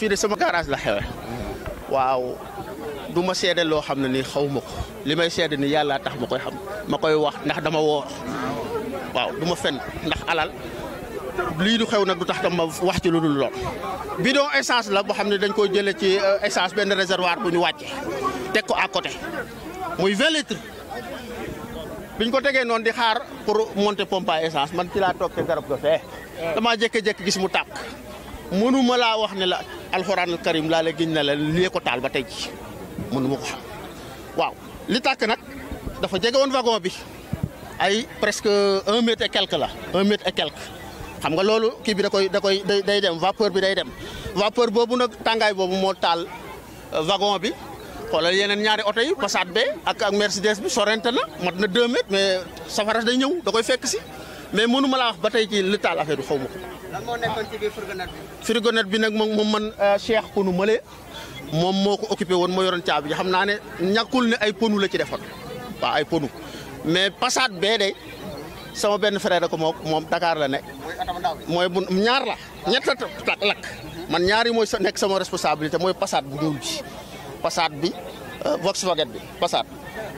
fii de sama garage la xewe waaw du ma seede loo xam ne nii xaw ma ko li may seede ni yàlla tax ma koy xam ma koy wax ndax dama woor waaw du ma fen ndax alal lii du xew na du tax tam ma wax ci lu dul lool. bidon essance la boo xam ne dañ koy jëlee ci euh, essence benn réservoir bu ñu wàcce teg ko à côté muy 20 litres biñ ko tegee noonu di xaar pour monter pompe à man ci laa toog te garab ga fee damaa jékki-jékki gis mu tàkk mënu laa wax ne la. alxuraan al karim laa la giñ ne la lii ko taal ba tey ji mënu ko xam waaw li takk nag dafa jege woon wagon bi ay presque un mètre et quelque la un mètre et xam nga loolu kii bi da koy da koy day dem vapeur bi day dem wapeur boobu nag tàngaay boobu moo taal euh, wagon bi xoolal yeneen ñaari oto yi Passat be ak ak Mercedes bi sorente na mat na deux mètres mais safara day ñëw da koy fekk si mais mënu ma laa wax ba tey ci li taal affaire bi xaw ma ko. lan bi. nag moom man euh, Cheikh ma Male moom moo ko occupé woon moo yoroon caabi ji xam naa ne ñàkkul ne ay ponu la ci defoon waaw ay ponu mais Passat bee de sama benn frère ko moom moom dakaar la ne mooy bu ñaar la ñett la lakk. man ñaari yi mooy nekk sama responsabilité mooy Passat bu ñuul bi Passat bi euh, Volkswagen bi Passat.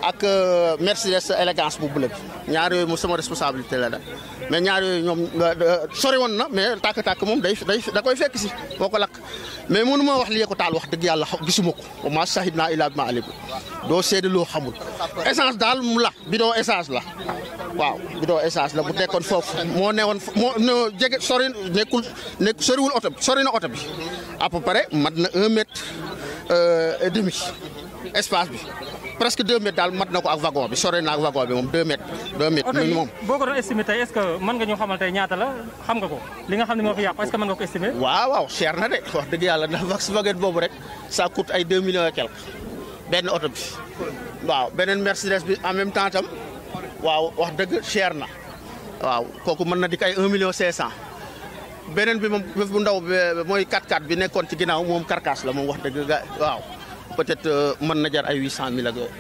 ak euh, Mercedes élégance bu bleu bi ñaari yooyu moom sama responsabilité la da mais ñaar yooyu ñoom euh, sori woon na mais tàkk-tàkk moom day day da koy fekk si boo ko lakk mais mënu ma wax li ko taal wax dëgg yàlla gisuma ko ma sahid naa ilaa bi ma alim doo seede loo xamul essence daal mu la bidon essence la waaw bidon essence la bu nekkoon foofu moo newoon moo jege sori nekkul nekk soriwul oto bi sori na oto bi à peu près mat na un euh, demi espace bi presque deux mètres daal mat na ko ak wagon bi sore na ak wagon bi moom deux mètres. deux mètres ñun moom boo ko doon estimé tey est-ce que mën li nga xam ne moo fi est-ce waaw waaw cher na de wax dëgg yàlla ndax Volkswagen boobu rek ça coûte ay deux millions et quelque benn oto bi waaw beneen Mercedes bi en même temps tam waaw wax dëgg chair na waaw kooku mën na dikk ay un million cinq cent. beneen bi moom bu ndaw bi mooy 4 x bi nekkoon ci ginnaaw moom carcasse la moom wax dëgg ga waaw. peut-être euh, mën na jar ay huit cent mille ak yooyu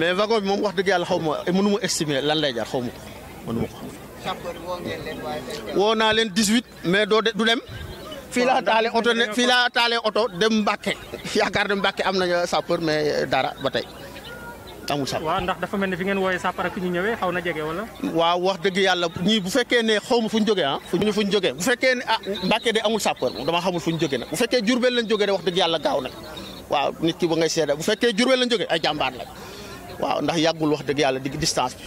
mais wagon moom wax dëgg yàlla xaw ma eh, mënu ma estimer lan lay jar xaw ma ko mënu ma ko. woo naa leen dix huit mais doo de du dem. fii laa taalee oto ne fii laa taalee oto dem Mbàkke yaakaar ne Mbàkke am nañu euh, sapeur mais euh, dara ba tey amul sapeur. waaw ndax dafa mel ni fi ngeen wooyee sapeur ak fi ñu ñëwee xaw na jege wala. waaw wax dëgg yàlla ñii bu fekkee ne xaw ma fu ñu jógee ah. fu ñu fu ñu jógee bu fekkee ne ah Mbàkke de amul sapeur dama xamul fu ñu jógee bu fekkee Jurbel lañ jógee de wax dëgg yàlla gaaw na waaw nit ki ba ngay seede bu fekkee Jurbel lañ jógee ay jàmbaar lañ waaw ndax yàggul wax dëgg yàlla digg distance